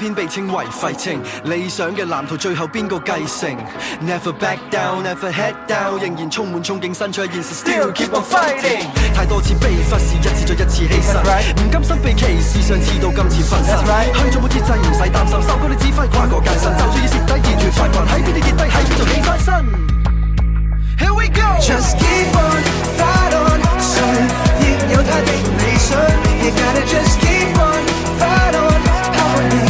篇被稱為廢青，理想嘅藍圖最後邊個繼承？Never back down, never head down，仍然充滿憧憬，身處現實。Still keep on fighting，太多次被忽視，一次再一次犧牲。唔甘心被歧視，上次到今次翻身。去咗冇節制，唔使擔心，受過啲指揮，跨過界線。就算要蝕底，熱血沸滾，喺邊度跌低，喺邊度起翻身。Here we go, just keep on, fight on。亦有他的理想，You gotta just keep on, fight on。